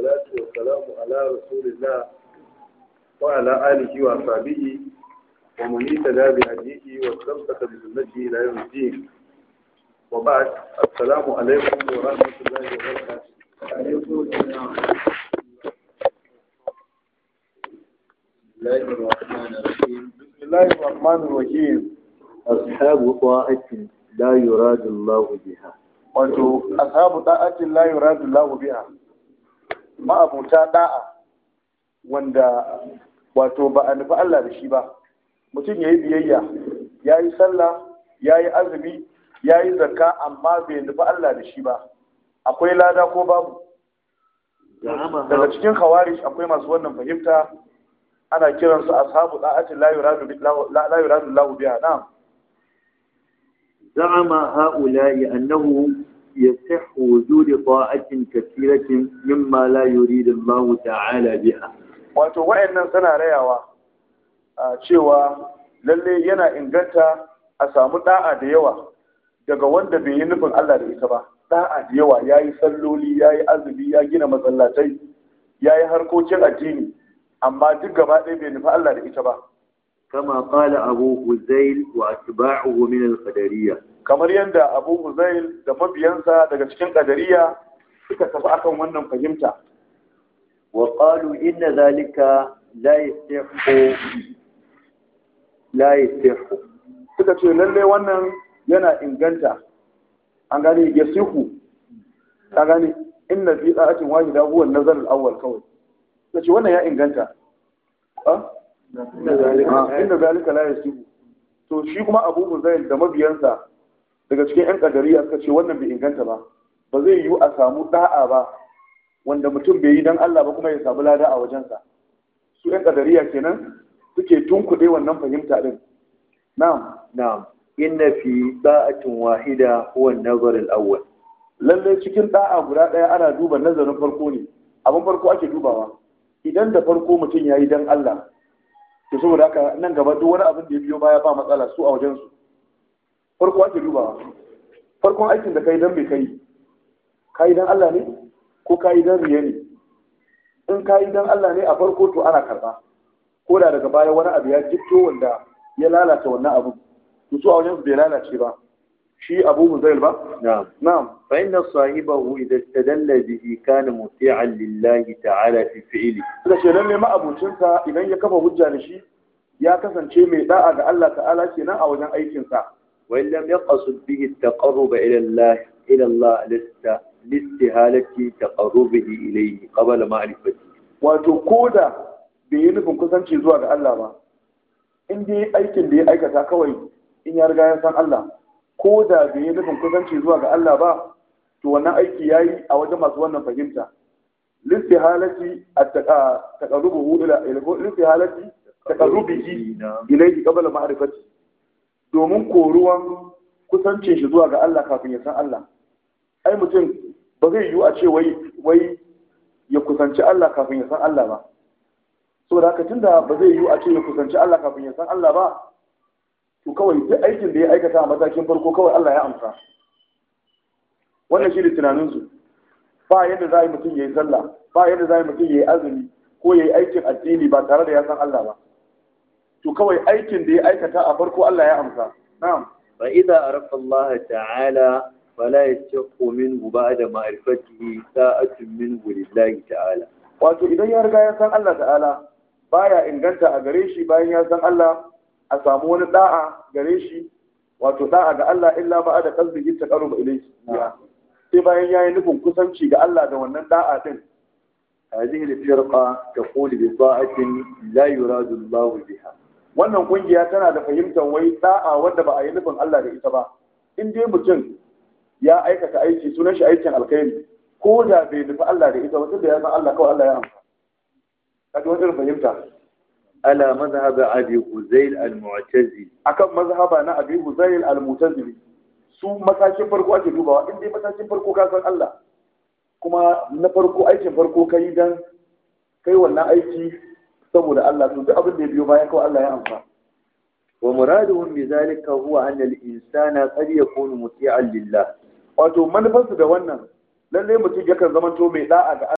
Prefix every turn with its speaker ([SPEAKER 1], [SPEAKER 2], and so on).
[SPEAKER 1] Waɗansu ya samu alayhun Sulelmu, ko alayhun Aliyu, ko Alayhun Alhamis, ko Alayhun Alhamis, ko Alayhun Alhamis. Abdullahi ba ma'aikun muhimmiyar Al-Shagun ba a cikin layuwar da ta saka kuma yana da tafiya. Abdullahi ba ma'abuta da'a wanda wato ba a nufi Allah da shi ba mutum ya yi biyayya ya yi sallah ya yi azumi ya yi zakka amma bai nufi Allah da shi ba akwai lada ko babu daga cikin kawari akwai masu wannan fahimta ana kiransu sabu da'atin layu radu lahu biya na'am za'ama ha'ula'i annahu يصح وجود طاعة كثيرة مما لا يريد الله تعالى بها wato wa'annan suna rayawa a cewa lalle yana inganta a samu da'a da yawa daga wanda bai yi nufin Allah da ita ba da'a da yawa ya yi salloli ya yi azumi ya gina masallatai ya yi harkokin addini amma duk gaba ɗaya bai nufi Allah da ita ba kama qala abu huzail wa atba'uhu min al-qadariyah kamar yadda abu huzail da mabiyansa daga cikin ƙadariya suka tafi akan wannan fahimta wa qalu inna zalika la yasihu la suka ce lalle wannan yana inganta an gane yasihu ta gane inna fi da'atin wahida huwa an-nazar al-awwal kawai suka ce wannan ya inganta inna zalika la yasihu to shi kuma abu huzail da mabiyansa daga cikin 'yan ƙadariya suka ce wannan bai inganta ba ba zai yiwu a samu ɗa'a ba wanda mutum bai yi don Allah ba kuma ya samu lada a wajensa su 'yan ƙadariya kenan suke tunkuɗe wannan fahimta ɗin na'am na'am inna fi da'atin wahida huwa nazar al-awwal lalle cikin da'a guda ɗaya ana duba nazarin farko ne abin farko ake dubawa idan da farko mutum ya yi don Allah to saboda haka nan gaba duk wani abin da ya biyo baya ba matsala su a wajensu farko ake duba farkon aikin da kai dan bai kai kai dan Allah ne ko kai dan riya ne in kai dan Allah ne a farko to ana karba ko da daga baya wani abu ya jikto wanda ya lalata wannan abu to su a wajen bai lalace ba shi abu mu zai ba na'am fa inna sahibahu idza tadalla bihi kana muti'an lillahi ta'ala fi fi'li da shi ne ma abucinsa idan ya kafa hujja da shi ya kasance mai da'a ga Allah ta'ala kenan a wajen aikin sa وإن لم يقصد به التقرب إلى الله إلى الله لاستهالة تقربه إليه قبل معرفته وتقود بينكم كسان شيء زواج الله ما إن دي أيكن دي أيكا تاكوي إن يرجع يسان الله كودا بينكم كسان شيء زواج الله با to wannan aiki ya yi a wajen masu wannan fahimta lissi halatti a taƙarubu ila ilaihi qabla ma'rifati domin koruwan kusancin shi zuwa ga Allah kafin ya san Allah ai mutum ba zai yiwu a ce wai ya kusanci Allah kafin ya san Allah ba da haka tunda ba zai yiwu a ce ya kusanci Allah kafin ya san Allah ba to kawai duk aikin da ya aikata a matakin farko kawai Allah ya amsa wannan shi ne tunaninsu ba yadda za a yi mutum ya yi sallah ba yadda za a yi mutum ya yi azumi ko ya yi aikin addini ba tare da ya san Allah ba to kawai aikin da ya aikata a farko Allah ya amsa na'am fa idza arafa Allah ta'ala fala yashqu minhu ba'da ma'rifatihi sa'atun minhu lillahi ta'ala wato idan ya riga ya san Allah ta'ala baya inganta a gare shi bayan ya san Allah a samu wani da'a gare shi wato da'a ga Allah illa ba da kasbihi ta karu ilayhi sai bayan ya yi nufin kusanci ga Allah da wannan da'a din هذه الفرقة تقول بطاعة لا يراد الله بها wannan kungiya tana da fahimtar wai da'a wanda ba a yi nufin Allah da ita ba in dai mutum ya aikata aiki sunan shi aikin alkhairi ko da bai nufi Allah da ita ba tunda ya san Allah kawai Allah ya amsa kaji wani irin fahimta ala mazhaba abi huzail al-mu'tazili akan mazhaba na abi huzail al-mu'tazili su matakin farko ake dubawa in dai matakin farko ka san Allah kuma na farko aikin farko kai dan kai wannan aiki saboda Allah to duk abin da ya biyo bayan kawai Allah ya amsa wa muraduhum bi zalika huwa anna al insana qad yakunu muti'an lillah wato manufarsu da wannan lalle mutum yakan zama to mai da'a ga